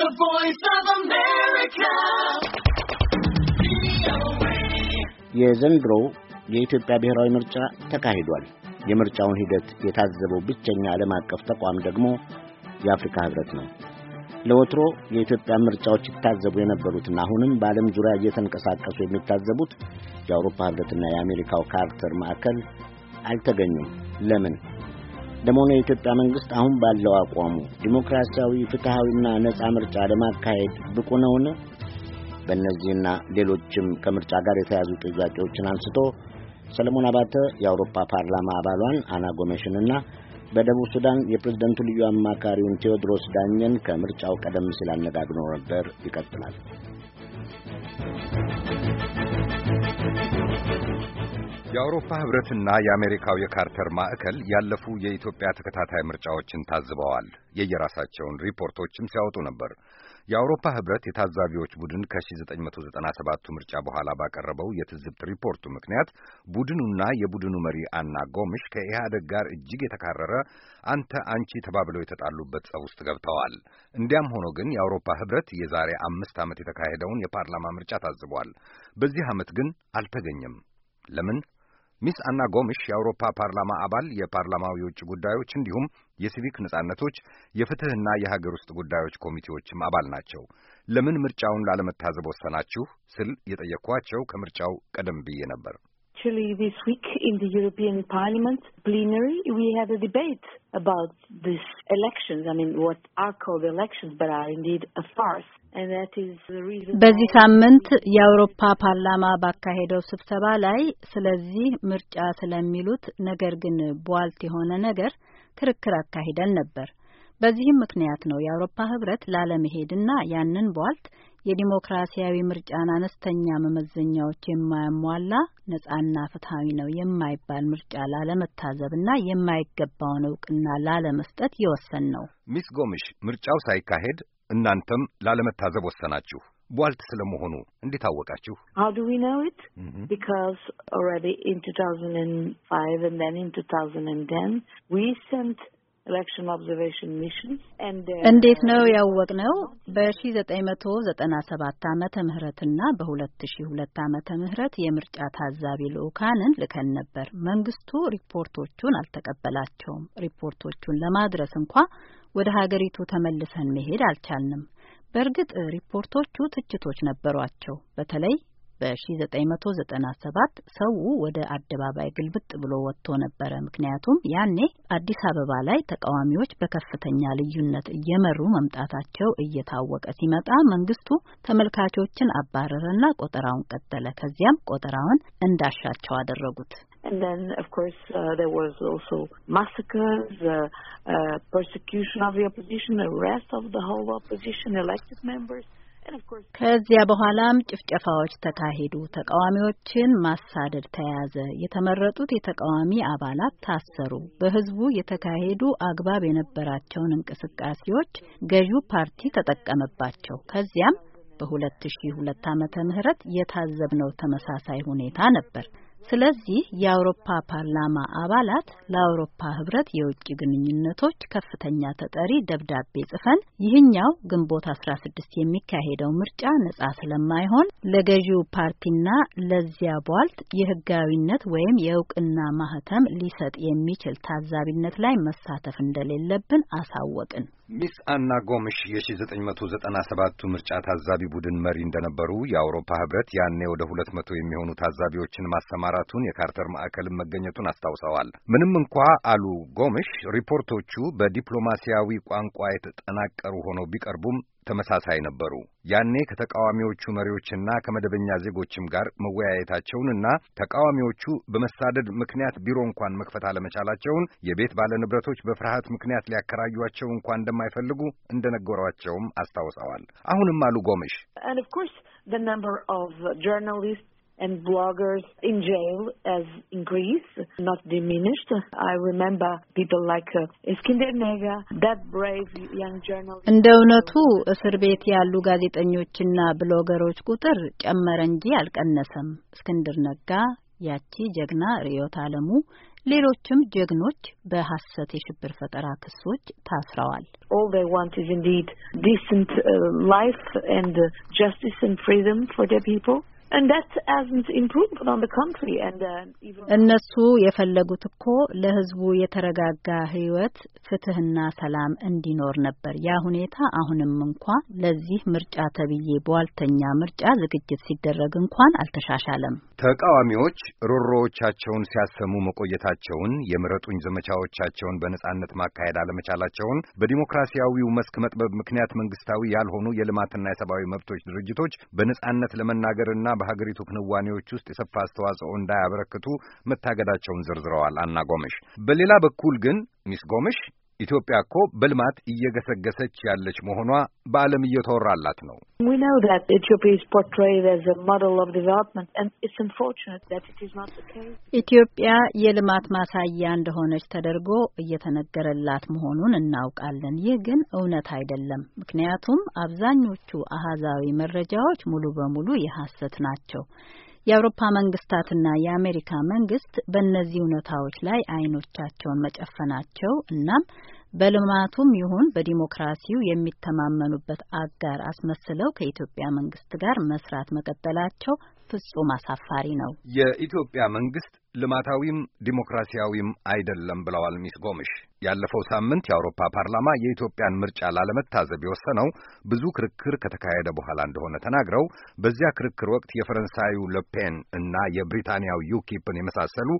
The Voice of America. የዘንድሮው የኢትዮጵያ ብሔራዊ ምርጫ ተካሂዷል። የምርጫውን ሂደት የታዘበው ብቸኛ ዓለም አቀፍ ተቋም ደግሞ የአፍሪካ ህብረት ነው። ለወትሮ የኢትዮጵያ ምርጫዎች ይታዘቡ የነበሩትና አሁንም በዓለም ዙሪያ እየተንቀሳቀሱ የሚታዘቡት የአውሮፓ ህብረትና የአሜሪካው ካርተር ማዕከል አልተገኙም። ለምን? ለመሆኑ የኢትዮጵያ መንግስት አሁን ባለው አቋሙ ዲሞክራሲያዊ ፍትሐዊና ነጻ ምርጫ ለማካሄድ ብቁ ነውን? በእነዚህና ሌሎችም ከምርጫ ጋር የተያዙ ጥያቄዎችን አንስቶ ሰለሞን አባተ የአውሮፓ ፓርላማ አባሏን አና ጎመሽንና በደቡብ ሱዳን የፕሬዝደንቱ ልዩ አማካሪውን ቴዎድሮስ ዳኘን ከምርጫው ቀደም ሲል አነጋግሮ ነበር። ይቀጥላል። የአውሮፓ ህብረትና የአሜሪካው የካርተር ማዕከል ያለፉ የኢትዮጵያ ተከታታይ ምርጫዎችን ታዝበዋል። የየራሳቸውን ሪፖርቶችም ሲያወጡ ነበር። የአውሮፓ ህብረት የታዛቢዎች ቡድን ከ1997ቱ ምርጫ በኋላ ባቀረበው የትዝብት ሪፖርቱ ምክንያት ቡድኑና የቡድኑ መሪ አና ጎምሽ ከኢህአደግ ጋር እጅግ የተካረረ አንተ አንቺ ተባብለው የተጣሉበት ጸብ ውስጥ ገብተዋል። እንዲያም ሆኖ ግን የአውሮፓ ህብረት የዛሬ አምስት ዓመት የተካሄደውን የፓርላማ ምርጫ ታዝቧል። በዚህ ዓመት ግን አልተገኘም። ለምን? ሚስ አና ጎምሽ የአውሮፓ ፓርላማ አባል፣ የፓርላማው የውጭ ጉዳዮች እንዲሁም የሲቪክ ነጻነቶች የፍትህና የሀገር ውስጥ ጉዳዮች ኮሚቴዎችም አባል ናቸው። ለምን ምርጫውን ላለመታዘብ ወሰናችሁ ስል የጠየቅኳቸው ከምርጫው ቀደም ብዬ ነበር። actually this week in the European Parliament plenary, we had a debate about these elections. I mean, what are called elections, but are indeed a farce. በዚህ ሳምንት የአውሮፓ ፓርላማ ባካሄደው ስብሰባ ላይ ስለዚህ ምርጫ ስለሚሉት ነገር ግን ቧልት የሆነ ነገር ክርክር አካሂደን ነበር። በዚህም ምክንያት ነው የአውሮፓ ህብረት ላለመሄድና ያንን ቧልት የዲሞክራሲያዊ ምርጫን አነስተኛ መመዘኛዎች የማያሟላ ነጻና ፍትሐዊ ነው የማይባል ምርጫ ላለመታዘብና የማይገባውን እውቅና ላለመስጠት የወሰን ነው። ሚስ ጎምሽ ምርጫው ሳይካሄድ እናንተም ላለመታዘብ ወሰናችሁ። ቧልት ስለመሆኑ እንዴት አወቃችሁ? how do we know it mm-hmm. because already in 2005 and then in 2010 we sent Uh, እንዴት ነው ያወቅነው? በ1997 ዓመተ ምህረትና በ2002 ዓመተ ምህረት የምርጫ ታዛቢ ልዑካንን ልከን ነበር። መንግስቱ ሪፖርቶቹን አልተቀበላቸውም። ሪፖርቶቹን ለማድረስ እንኳ ወደ ሀገሪቱ ተመልሰን መሄድ አልቻልንም። በእርግጥ ሪፖርቶቹ ትችቶች ነበሯቸው። በተለይ በ1997 ሰው ወደ አደባባይ ግልብጥ ብሎ ወጥቶ ነበረ። ምክንያቱም ያኔ አዲስ አበባ ላይ ተቃዋሚዎች በከፍተኛ ልዩነት እየመሩ መምጣታቸው እየታወቀ ሲመጣ መንግስቱ ተመልካቾችን አባረረና ቆጠራውን ቀጠለ። ከዚያም ቆጠራውን እንዳሻቸው አደረጉት። And then, of course, uh, there was also massacres, uh, uh, persecution of the opposition, arrest of the whole opposition, elected members. ከዚያ በኋላም ጭፍጨፋዎች ተካሄዱ። ተቃዋሚዎችን ማሳደድ ተያዘ። የተመረጡት የተቃዋሚ አባላት ታሰሩ። በህዝቡ የተካሄዱ አግባብ የነበራቸውን እንቅስቃሴዎች ገዢው ፓርቲ ተጠቀመባቸው። ከዚያም በ2002 ዓመተ ምህረት የታዘብነው ተመሳሳይ ሁኔታ ነበር። ስለዚህ የአውሮፓ ፓርላማ አባላት ለአውሮፓ ህብረት የውጭ ግንኙነቶች ከፍተኛ ተጠሪ ደብዳቤ ጽፈን ይህኛው ግንቦት 16 የሚካሄደው ምርጫ ነጻ ስለማይሆን ለገዢው ፓርቲና ለዚያ ቧልት የህጋዊነት ወይም የእውቅና ማህተም ሊሰጥ የሚችል ታዛቢነት ላይ መሳተፍ እንደሌለብን አሳወቅን። ሚስ አና ጎምሽ የ1997ቱ ምርጫ ታዛቢ ቡድን መሪ እንደነበሩ የአውሮፓ ህብረት ያኔ ወደ ሁለት መቶ የሚሆኑ ታዛቢዎችን ማሰማራቱን የካርተር ማዕከልን መገኘቱን አስታውሰዋል። ምንም እንኳ አሉ ጎምሽ ሪፖርቶቹ በዲፕሎማሲያዊ ቋንቋ የተጠናቀሩ ሆነው ቢቀርቡም ተመሳሳይ ነበሩ። ያኔ ከተቃዋሚዎቹ መሪዎችና ከመደበኛ ዜጎችም ጋር መወያየታቸውንና ተቃዋሚዎቹ በመሳደድ ምክንያት ቢሮ እንኳን መክፈት አለመቻላቸውን የቤት ባለንብረቶች በፍርሃት ምክንያት ሊያከራዩቸው እንኳን እንደማይፈልጉ እንደነገሯቸውም አስታውሰዋል። አሁንም አሉ ጎምሽ and bloggers in jail has increased, not diminished. I remember people like Iskinder Nega, that brave young journalist. እንደ እውነቱ እስር ቤት ያሉ ጋዜጠኞችና ብሎገሮች ቁጥር ጨመረ እንጂ አልቀነሰም። እስክንድር ነጋ፣ ያቺ ጀግና ርዕዮት ዓለሙ፣ ሌሎችም ጀግኖች በሐሰት የሽብር ፈጠራ ክሶች ታስረዋል። all they want is indeed decent uh, life and uh, justice and freedom for their people. Uh, እነሱ የፈለጉት እኮ ለህዝቡ የተረጋጋ ህይወት ፍትህና ሰላም እንዲኖር ነበር። ያ ሁኔታ አሁንም እንኳ ለዚህ ምርጫ ተብዬ በዋልተኛ ምርጫ ዝግጅት ሲደረግ እንኳን አልተሻሻለም። ተቃዋሚዎች ሮሮዎቻቸውን ሲያሰሙ መቆየታቸውን፣ የምረጡኝ ዘመቻዎቻቸውን በነጻነት ማካሄድ አለመቻላቸውን፣ በዲሞክራሲያዊው መስክ መጥበብ ምክንያት መንግስታዊ ያልሆኑ የልማትና የሰብአዊ መብቶች ድርጅቶች በነጻነት ለመናገርና በሀገሪቱ ክንዋኔዎች ውስጥ የሰፋ አስተዋጽኦ እንዳያበረክቱ መታገዳቸውን ዘርዝረዋል። አና ጎመሽ በሌላ በኩል ግን ሚስ ጎመሽ ኢትዮጵያ እኮ በልማት እየገሰገሰች ያለች መሆኗ በዓለም እየተወራላት ነው። ኢትዮጵያ የልማት ማሳያ እንደሆነች ተደርጎ እየተነገረላት መሆኑን እናውቃለን። ይህ ግን እውነት አይደለም። ምክንያቱም አብዛኞቹ አሃዛዊ መረጃዎች ሙሉ በሙሉ የሐሰት ናቸው። የአውሮፓ መንግስታትና የአሜሪካ መንግስት በእነዚህ እውነታዎች ላይ አይኖቻቸውን መጨፈናቸው እናም በልማቱም ይሁን በዲሞክራሲው የሚተማመኑበት አጋር አስመስለው ከኢትዮጵያ መንግስት ጋር መስራት መቀጠላቸው ፍጹም አሳፋሪ ነው። የኢትዮጵያ መንግስት ልማታዊም ዲሞክራሲያዊም አይደለም ብለዋል ሚስ ጎምሽ። ያለፈው ሳምንት የአውሮፓ ፓርላማ የኢትዮጵያን ምርጫ ላለመታዘብ የወሰነው ብዙ ክርክር ከተካሄደ በኋላ እንደሆነ ተናግረው በዚያ ክርክር ወቅት የፈረንሳዩ ለፔን እና የብሪታንያው ዩኪፕን የመሳሰሉ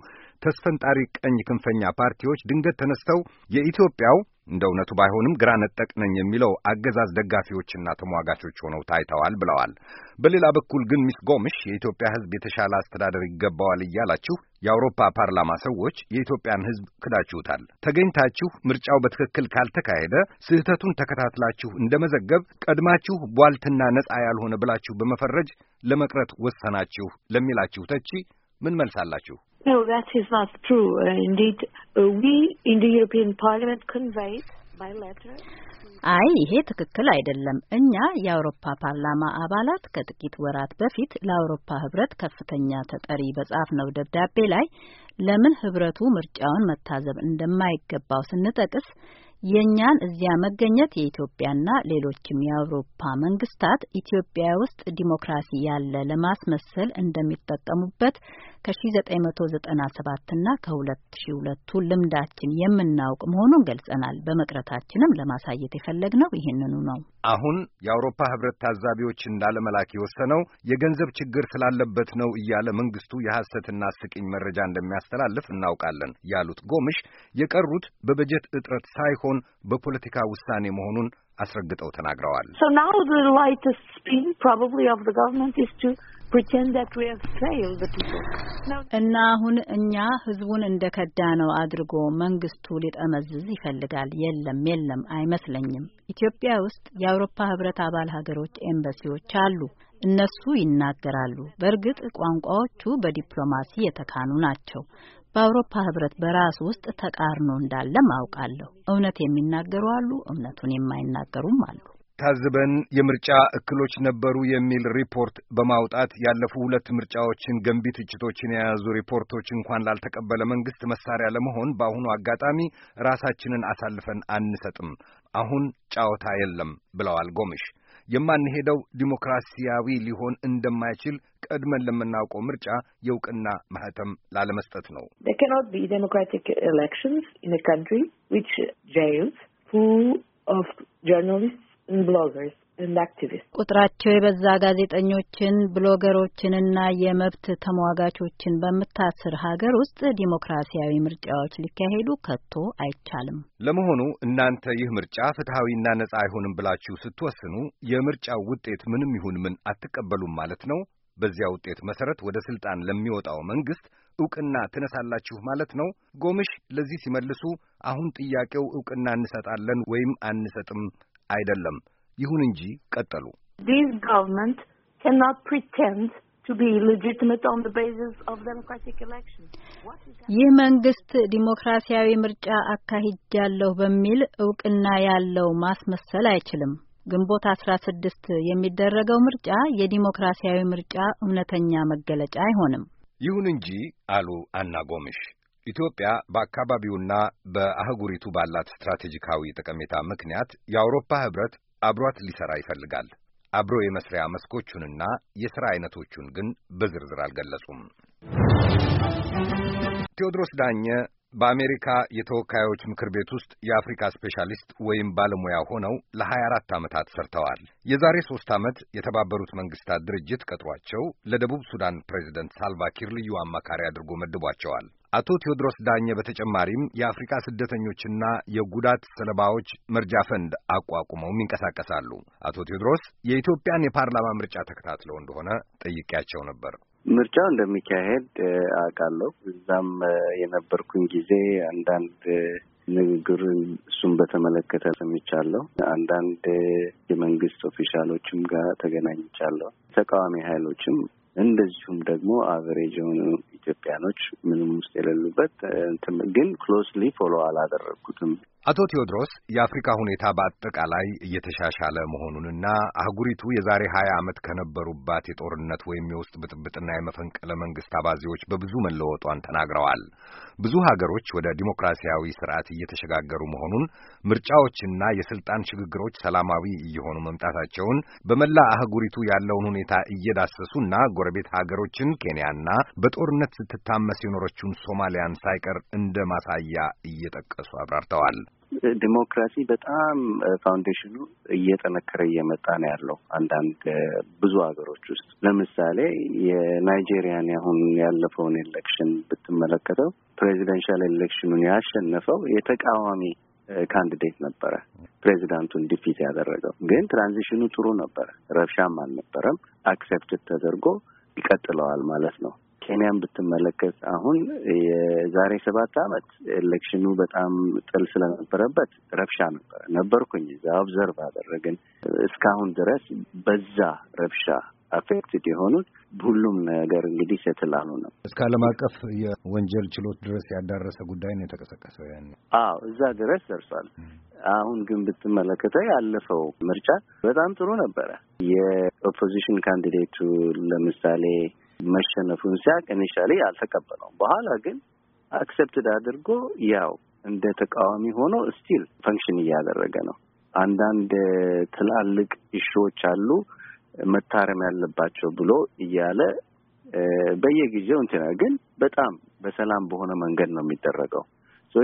ተስፈንጣሪ ቀኝ ክንፈኛ ፓርቲዎች ድንገት ተነስተው የኢትዮጵያው እንደ እውነቱ ባይሆንም ግራ ነጠቅ ነኝ የሚለው አገዛዝ ደጋፊዎችና ተሟጋቾች ሆነው ታይተዋል ብለዋል። በሌላ በኩል ግን ሚስ ጎምሽ የኢትዮጵያ ሕዝብ የተሻለ አስተዳደር ይገባዋል እያላችሁ የአውሮፓ ፓርላማ ሰዎች የኢትዮጵያን ሕዝብ ክዳችሁታል። ተገኝታችሁ ምርጫው በትክክል ካልተካሄደ ስህተቱን ተከታትላችሁ እንደ መዘገብ ቀድማችሁ ቧልትና ነፃ ያልሆነ ብላችሁ በመፈረጅ ለመቅረት ወሰናችሁ ለሚላችሁ ተቺ ምን መልሳላችሁ? አይ ይሄ ትክክል አይደለም። እኛ የአውሮፓ ፓርላማ አባላት ከጥቂት ወራት በፊት ለአውሮፓ ህብረት ከፍተኛ ተጠሪ በጻፍነው ደብዳቤ ላይ ለምን ህብረቱ ምርጫውን መታዘብ እንደማይገባው ስንጠቅስ የእኛን እዚያ መገኘት የኢትዮጵያና ሌሎችም የአውሮፓ መንግስታት ኢትዮጵያ ውስጥ ዲሞክራሲ ያለ ለማስመሰል እንደሚጠቀሙበት ከ1997 እና ከ2002ቱ ልምዳችን የምናውቅ መሆኑን ገልጸናል። በመቅረታችንም ለማሳየት የፈለግነው ይህንኑ ነው። አሁን የአውሮፓ ህብረት ታዛቢዎች እንዳለመላክ የወሰነው የገንዘብ ችግር ስላለበት ነው እያለ መንግስቱ የሐሰትና ስቅኝ መረጃ እንደሚያስተላልፍ እናውቃለን ያሉት ጎምሽ የቀሩት በበጀት እጥረት ሳይሆን በፖለቲካ ውሳኔ መሆኑን አስረግጠው ተናግረዋል። እና አሁን እኛ ህዝቡን እንደከዳ ነው አድርጎ መንግስቱ ሊጠመዝዝ ይፈልጋል። የለም የለም፣ አይመስለኝም። ኢትዮጵያ ውስጥ የአውሮፓ ህብረት አባል ሀገሮች ኤምባሲዎች አሉ። እነሱ ይናገራሉ። በእርግጥ ቋንቋዎቹ በዲፕሎማሲ የተካኑ ናቸው። በአውሮፓ ህብረት በራስ ውስጥ ተቃርኖ እንዳለ ማውቃለሁ። እውነት የሚናገሩ አሉ፣ እውነቱን የማይናገሩም አሉ። ታዝበን የምርጫ እክሎች ነበሩ የሚል ሪፖርት በማውጣት ያለፉ ሁለት ምርጫዎችን ገንቢ ትችቶችን የያዙ ሪፖርቶች እንኳን ላልተቀበለ መንግስት መሳሪያ ለመሆን በአሁኑ አጋጣሚ ራሳችንን አሳልፈን አንሰጥም። አሁን ጫወታ የለም ብለዋል ጎምሽ። የማንሄደው ዲሞክራሲያዊ ሊሆን እንደማይችል ቀድመን ለምናውቀው ምርጫ የእውቅና ማህተም ላለመስጠት ነው። ጆርናሊስት ቁጥራቸው የበዛ ጋዜጠኞችን ብሎገሮችንና የመብት ተሟጋቾችን በምታስር ሀገር ውስጥ ዲሞክራሲያዊ ምርጫዎች ሊካሄዱ ከቶ አይቻልም። ለመሆኑ እናንተ ይህ ምርጫ ፍትሐዊና ነጻ አይሆንም ብላችሁ ስትወስኑ የምርጫው ውጤት ምንም ይሁን ምን አትቀበሉም ማለት ነው? በዚያ ውጤት መሰረት ወደ ስልጣን ለሚወጣው መንግስት ዕውቅና ትነሳላችሁ ማለት ነው? ጎምሽ ለዚህ ሲመልሱ አሁን ጥያቄው ዕውቅና እንሰጣለን ወይም አንሰጥም አይደለም። ይሁን እንጂ ቀጠሉ ዲስ ጋቨርንመንት cannot pretend ይህ መንግስት ዲሞክራሲያዊ ምርጫ አካሂጃለሁ በሚል እውቅና ያለው ማስመሰል አይችልም። ግንቦት አስራ ስድስት የሚደረገው ምርጫ የዲሞክራሲያዊ ምርጫ እውነተኛ መገለጫ አይሆንም። ይሁን እንጂ አሉ አና ጎምሽ ኢትዮጵያ በአካባቢውና በአህጉሪቱ ባላት ስትራቴጂካዊ ጠቀሜታ ምክንያት የአውሮፓ ህብረት አብሯት ሊሰራ ይፈልጋል። አብሮ የመስሪያ መስኮቹንና የሥራ አይነቶቹን ግን በዝርዝር አልገለጹም። ቴዎድሮስ ዳኘ በአሜሪካ የተወካዮች ምክር ቤት ውስጥ የአፍሪካ ስፔሻሊስት ወይም ባለሙያ ሆነው ለ24 ዓመታት ሰርተዋል። የዛሬ ሦስት ዓመት የተባበሩት መንግሥታት ድርጅት ቀጥሯቸው ለደቡብ ሱዳን ፕሬዚደንት ሳልቫኪር ልዩ አማካሪ አድርጎ መድቧቸዋል። አቶ ቴዎድሮስ ዳኘ በተጨማሪም የአፍሪካ ስደተኞችና የጉዳት ሰለባዎች መርጃ ፈንድ አቋቁመውም ይንቀሳቀሳሉ። አቶ ቴዎድሮስ የኢትዮጵያን የፓርላማ ምርጫ ተከታትለው እንደሆነ ጠይቄያቸው ነበር። ምርጫው እንደሚካሄድ አውቃለሁ። እዛም የነበርኩኝ ጊዜ አንዳንድ ንግግር እሱን በተመለከተ ሰምቻለሁ። አንዳንድ የመንግስት ኦፊሻሎችም ጋር ተገናኝቻለሁ። ተቃዋሚ ኃይሎችም እንደዚሁም ደግሞ አቨሬጅ የሆኑ ኢትዮጵያኖች ምንም ውስጥ የሌሉ አለበት። ግን ክሎስሊ ፎሎ አላደረግኩትም። አቶ ቴዎድሮስ የአፍሪካ ሁኔታ በአጠቃላይ እየተሻሻለ መሆኑንና አህጉሪቱ የዛሬ ሀያ ዓመት ከነበሩባት የጦርነት ወይም የውስጥ ብጥብጥና የመፈንቅለ መንግስት አባዜዎች በብዙ መለወጧን ተናግረዋል። ብዙ ሀገሮች ወደ ዲሞክራሲያዊ ስርዓት እየተሸጋገሩ መሆኑን፣ ምርጫዎችና የስልጣን ሽግግሮች ሰላማዊ እየሆኑ መምጣታቸውን፣ በመላ አህጉሪቱ ያለውን ሁኔታ እየዳሰሱና ጎረቤት ሀገሮችን ኬንያና በጦርነት ስትታመስ የኖረችውን ሶማሊያ አሜሪካን ሳይቀር እንደ ማሳያ እየጠቀሱ አብራርተዋል። ዲሞክራሲ በጣም ፋውንዴሽኑ እየጠነከረ እየመጣ ነው ያለው አንዳንድ ብዙ ሀገሮች ውስጥ ለምሳሌ የናይጄሪያን አሁን ያለፈውን ኤሌክሽን ብትመለከተው ፕሬዚደንሻል ኤሌክሽኑን ያሸነፈው የተቃዋሚ ካንዲዴት ነበረ ፕሬዚዳንቱን ዲፊት ያደረገው። ግን ትራንዚሽኑ ጥሩ ነበረ፣ ረብሻም አልነበረም። አክሴፕት ተደርጎ ይቀጥለዋል ማለት ነው። ኬንያን ብትመለከት አሁን የዛሬ ሰባት አመት ኤሌክሽኑ በጣም ጥል ስለነበረበት ረብሻ ነበረ። ነበርኩኝ እዛ ኦብዘርቭ አደረግን። እስካሁን ድረስ በዛ ረብሻ አፌክትድ የሆኑት ሁሉም ነገር እንግዲህ ሴትል ነው። እስከ ዓለም አቀፍ የወንጀል ችሎት ድረስ ያዳረሰ ጉዳይ ነው የተቀሰቀሰው። ያን አዎ፣ እዛ ድረስ ደርሷል። አሁን ግን ብትመለከተ ያለፈው ምርጫ በጣም ጥሩ ነበረ። የኦፖዚሽን ካንዲዴቱ ለምሳሌ መሸነፉን ሲያቅ ኢኒሻሊ አልተቀበለውም። በኋላ ግን አክሴፕትድ አድርጎ ያው እንደ ተቃዋሚ ሆኖ ስቲል ፈንክሽን እያደረገ ነው። አንዳንድ ትላልቅ እሾዎች አሉ መታረም ያለባቸው ብሎ እያለ በየጊዜው እንትና ግን በጣም በሰላም በሆነ መንገድ ነው የሚደረገው።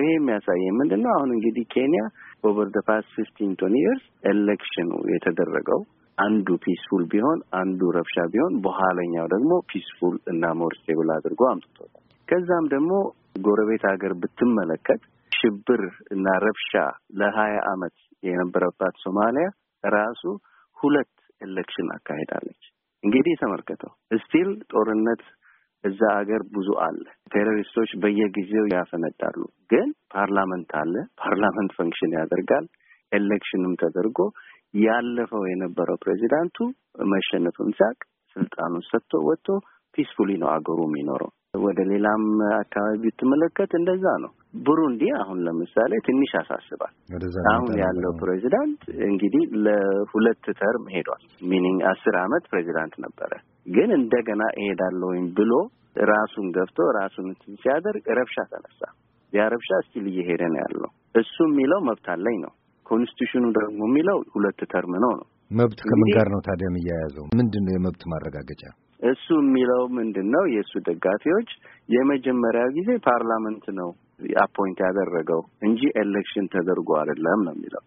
ይሄ የሚያሳየ ምንድን ነው? አሁን እንግዲህ ኬንያ ኦቨር ደ ፓስት ፊፍቲን ቶኒ ይርስ ኤሌክሽኑ የተደረገው አንዱ ፒስፉል ቢሆን አንዱ ረብሻ ቢሆን በኋለኛው ደግሞ ፒስፉል እና ሞር ስቴብል አድርጎ አምጥቶታል። ከዛም ደግሞ ጎረቤት ሀገር ብትመለከት ሽብር እና ረብሻ ለሀያ አመት የነበረባት ሶማሊያ ራሱ ሁለት ኤሌክሽን አካሄዳለች። እንግዲህ የተመልከተው ስቲል ጦርነት እዛ ሀገር ብዙ አለ። ቴሮሪስቶች በየጊዜው ያፈነዳሉ። ግን ፓርላመንት አለ። ፓርላመንት ፈንክሽን ያደርጋል። ኤሌክሽንም ተደርጎ ያለፈው የነበረው ፕሬዚዳንቱ መሸነፉን ሲያቅ ስልጣኑን ሰጥቶ ወጥቶ ፒስፉሊ ነው አገሩ የሚኖረው። ወደ ሌላም አካባቢ ብትመለከት እንደዛ ነው። ቡሩንዲ አሁን ለምሳሌ ትንሽ አሳስባል አሁን ያለው ፕሬዚዳንት እንግዲህ ለሁለት ተርም ሄዷል። ሚኒንግ አስር አመት ፕሬዚዳንት ነበረ። ግን እንደገና እሄዳለሁኝ ብሎ ራሱን ገፍቶ ራሱን ሲያደርግ ረብሻ ተነሳ። ያ ረብሻ እስቲል እየሄደ ነው ያለው። እሱ የሚለው መብት አለኝ ነው ኮንስቲቱሽኑ ደግሞ የሚለው ሁለት ተርም ነው ነው። መብት ከምን ጋር ነው ታዲያ የሚያያዘው? ምንድን ነው የመብት ማረጋገጫ? እሱ የሚለው ምንድን ነው? የእሱ ደጋፊዎች የመጀመሪያው ጊዜ ፓርላመንት ነው አፖይንት ያደረገው እንጂ ኤሌክሽን ተደርጎ አይደለም ነው የሚለው።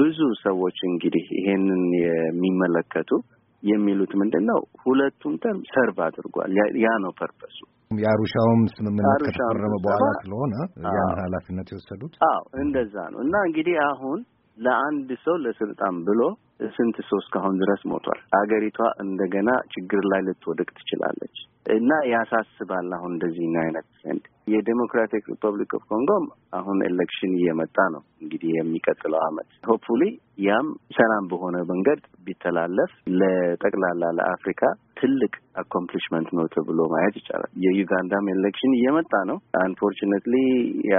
ብዙ ሰዎች እንግዲህ ይሄንን የሚመለከቱ የሚሉት ምንድን ነው ሁለቱም ተርም ሰርቭ አድርጓል። ያ ነው ፐርፐሱ የአሩሻውም ስምምነት ከተፈረመ በኋላ ስለሆነ ያን ኃላፊነት የወሰዱት አዎ እንደዛ ነው። እና እንግዲህ አሁን ለአንድ ሰው ለስልጣን ብሎ ስንት ሰው እስካሁን ድረስ ሞቷል። አገሪቷ እንደገና ችግር ላይ ልትወደቅ ትችላለች እና ያሳስባል። አሁን እንደዚህ አይነት ዘንድ የዴሞክራቲክ ሪፐብሊክ ኦፍ ኮንጎም አሁን ኤሌክሽን እየመጣ ነው። እንግዲህ የሚቀጥለው አመት ሆፕፉሊ ያም ሰላም በሆነ መንገድ ቢተላለፍ ለጠቅላላ ለአፍሪካ ትልቅ አኮምፕሊሽመንት ነው ተብሎ ማየት ይቻላል። የዩጋንዳም ኤሌክሽን እየመጣ ነው። አንፎርችነትሊ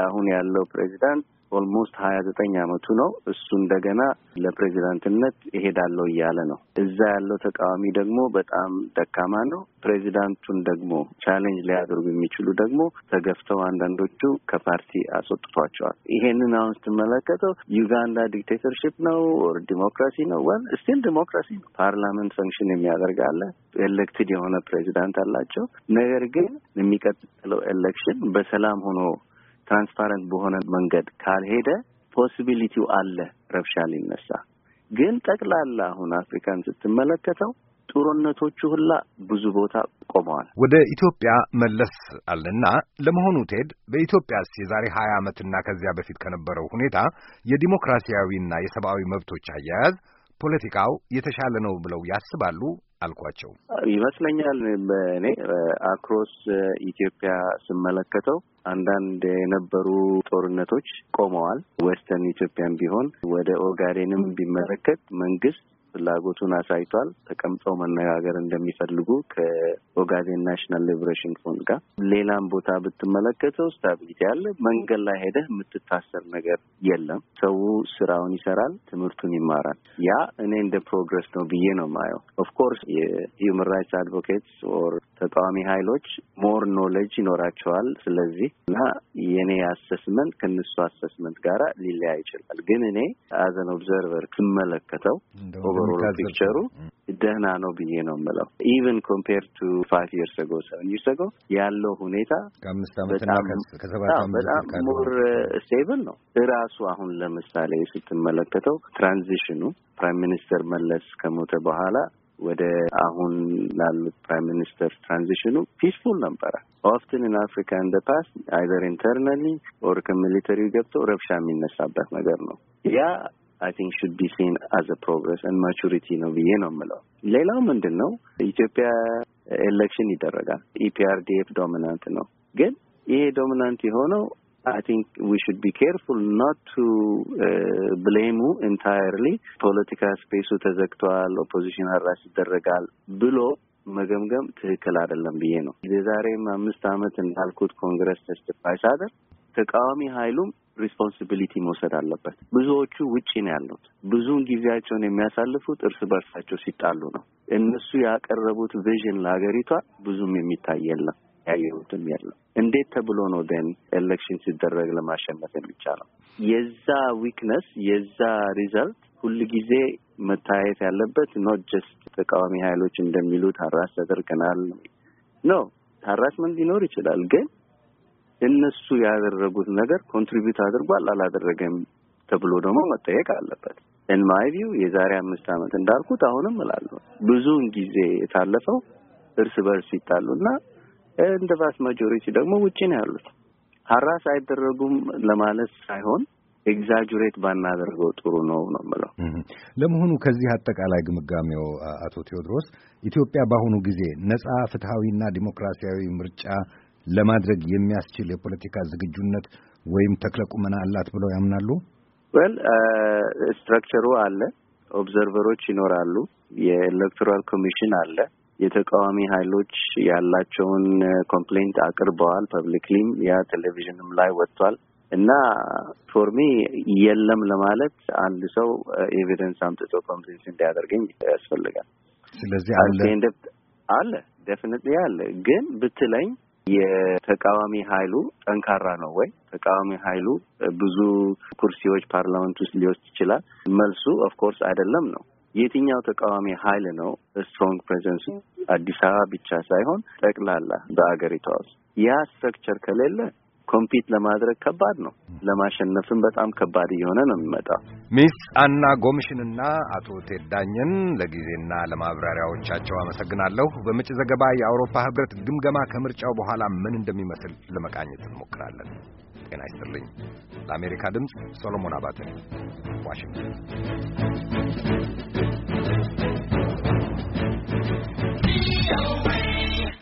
አሁን ያለው ፕሬዚዳንት ኦልሞስት ሀያ ዘጠኝ አመቱ ነው። እሱ እንደገና ለፕሬዚዳንትነት እሄዳለሁ እያለ ነው። እዛ ያለው ተቃዋሚ ደግሞ በጣም ደካማ ነው። ፕሬዚዳንቱን ደግሞ ቻሌንጅ ሊያደርጉ የሚችሉ ደግሞ ተገፍተው አንዳንዶቹ ከፓርቲ አስወጥቷቸዋል። ይሄንን አሁን ስትመለከተው ዩጋንዳ ዲክቴተርሽፕ ነው ኦር ዲሞክራሲ ነው? ወል ስቲል ዲሞክራሲ ነው። ፓርላመንት ፈንክሽን የሚያደርግ አለ። ኤሌክትድ የሆነ ፕሬዚዳንት አላቸው። ነገር ግን የሚቀጥለው ኤሌክሽን በሰላም ሆኖ ትራንስፓረንት በሆነ መንገድ ካልሄደ ፖሲቢሊቲው አለ ረብሻ ሊነሳ። ግን ጠቅላላ አሁን አፍሪካን ስትመለከተው ጦርነቶቹ ሁላ ብዙ ቦታ ቆመዋል። ወደ ኢትዮጵያ መለስ አለና ለመሆኑ ቴድ በኢትዮጵያስ የዛሬ ሀያ ዓመትና ከዚያ በፊት ከነበረው ሁኔታ የዲሞክራሲያዊና የሰብአዊ መብቶች አያያዝ ፖለቲካው የተሻለ ነው ብለው ያስባሉ? አልኳቸው ይመስለኛል። በእኔ አክሮስ ኢትዮጵያ ስመለከተው አንዳንድ የነበሩ ጦርነቶች ቆመዋል። ዌስተርን ኢትዮጵያን ቢሆን ወደ ኦጋዴንም ቢመለከት መንግስት ፍላጎቱን አሳይቷል። ተቀምጠው መነጋገር እንደሚፈልጉ ከኦጋዴን ናሽናል ሊብሬሽን ፎንድ ጋር። ሌላም ቦታ ብትመለከተው ስታቢሊቲ ያለ መንገድ ላይ ሄደህ የምትታሰር ነገር የለም። ሰው ስራውን ይሰራል፣ ትምህርቱን ይማራል። ያ እኔ እንደ ፕሮግረስ ነው ብዬ ነው ማየው። ኦፍኮርስ የሂውማን ራይትስ አድቮኬትስ ኦር ተቃዋሚ ሀይሎች ሞር ኖሌጅ ይኖራቸዋል። ስለዚህ እና የእኔ አሰስመንት ከእነሱ አሰስመንት ጋራ ሊለያ ይችላል። ግን እኔ አዘን ኦብዘርቨር ስመለከተው ኦቨሮል ፒክቸሩ ደህና ነው ብዬ ነው የምለው። ኢቨን ኮምፔር ቱ ፋይቭ ይርስ ጎ ሰቨን ይርስ ጎ ያለው ሁኔታ በጣም ሞር ስቴብል uh, ነው። እራሱ አሁን ለምሳሌ ስትመለከተው ትራንዚሽኑ ፕራይም ሚኒስተር መለስ ከሞተ በኋላ ወደ አሁን ላሉት ፕራይም ሚኒስተር ትራንዚሽኑ ፒስፉል ነበረ። ኦፍትን ኢን አፍሪካ እንደ ፓስ አይዘር ኢንተርናሊ ኦር ከሚሊተሪ ገብቶ ረብሻ የሚነሳበት ነገር ነው ያ አይ ቲንክ ሹድ ቢ ሲን አዘ ፕሮግረስ ን ማቹሪቲ ነው ብዬ ነው የምለው። ሌላው ምንድን ነው ኢትዮጵያ ኤሌክሽን ይደረጋል። ኢፒአርዲኤፍ e ዶሚናንት ነው፣ ግን ይሄ ዶሚናንት የሆነው አይ ቲንክ ዊ ሹድ ቢ ኬርፉል ኖት ቱ ብሌሙ ኢንታይርሊ ፖለቲካ ስፔሱ ተዘግተዋል፣ ኦፖዚሽን ሀራስ ይደረጋል ብሎ መገምገም ትክክል አይደለም ብዬ ነው። የዛሬም አምስት ዓመት እንዳልኩት ኮንግረስ ተስትፋይ ሳደር ተቃዋሚ ሀይሉም ሪስፖንሲቢሊቲ መውሰድ አለበት። ብዙዎቹ ውጪ ነው ያሉት። ብዙውን ጊዜያቸውን የሚያሳልፉት እርስ በርሳቸው ሲጣሉ ነው። እነሱ ያቀረቡት ቪዥን ለሀገሪቷ ብዙም የሚታይ የለም፣ ያየሁትም የለም። እንዴት ተብሎ ነው ደን ኤሌክሽን ሲደረግ ለማሸነፍ የሚቻለው? የዛ ዊክነስ የዛ ሪዘልት ጊዜ መታየት ያለበት ኖት ጀስት ተቃዋሚ ሀይሎች እንደሚሉት አራስ ተደርገናል ታራስ ሀራስመንት ሊኖር ይችላል ግን እነሱ ያደረጉት ነገር ኮንትሪቢዩት አድርጓል አላደረገም ተብሎ ደግሞ መጠየቅ አለበት። ኤንማይ ቪው የዛሬ አምስት ዓመት እንዳልኩት አሁንም እላለሁ ብዙውን ጊዜ የታለፈው እርስ በርስ ይጣሉና እንደ ቫስት ማጆሪቲ ደግሞ ውጭ ነው ያሉት። ሀራስ አይደረጉም ለማለት ሳይሆን ኤግዛጁሬት ባናደርገው ጥሩ ነው ነው የምለው። ለመሆኑ ከዚህ አጠቃላይ ግምጋሜው አቶ ቴዎድሮስ ኢትዮጵያ በአሁኑ ጊዜ ነጻ ፍትሐዊና ዲሞክራሲያዊ ምርጫ ለማድረግ የሚያስችል የፖለቲካ ዝግጁነት ወይም ተክለ አላት ብለው ያምናሉ? ወል ስትራክቸሩ uh, አለ፣ ኦብዘርቨሮች ይኖራሉ፣ የኤሌክቶራል ኮሚሽን አለ። የተቃዋሚ ኃይሎች ያላቸውን ኮምፕሌንት uh, አቅርበዋል። ፐብሊክሊም ያ ቴሌቪዥንም ላይ ወጥቷል። እና ፎርሚ የለም ለማለት አንድ ሰው ኤቪደንስ uh, አምጥቶ ኮምፕሌንት እንዲያደርገኝ ያስፈልጋል። ስለዚህ አለ አለ ዴፊኒትሊ አለ። ግን ብትለኝ የተቃዋሚ ኃይሉ ጠንካራ ነው ወይ? ተቃዋሚ ኃይሉ ብዙ ኩርሲዎች ፓርላመንት ውስጥ ሊወስድ ይችላል? መልሱ ኦፍኮርስ አይደለም ነው። የትኛው ተቃዋሚ ኃይል ነው ስትሮንግ ፕሬዘንስ አዲስ አበባ ብቻ ሳይሆን ጠቅላላ በአገሪቷ ውስጥ ያ ስትረክቸር ከሌለ ኮምፒት ለማድረግ ከባድ ነው። ለማሸነፍም በጣም ከባድ እየሆነ ነው የሚመጣው። ሚስ አና ጎምሽንና አቶ ቴድ ዳኘን ለጊዜና ለማብራሪያዎቻቸው አመሰግናለሁ። በምጭ ዘገባ የአውሮፓ ህብረት ግምገማ ከምርጫው በኋላ ምን እንደሚመስል ለመቃኘት እንሞክራለን። ጤና ይስጥልኝ። ለአሜሪካ ድምፅ ሶሎሞን አባተ ዋሽንግተን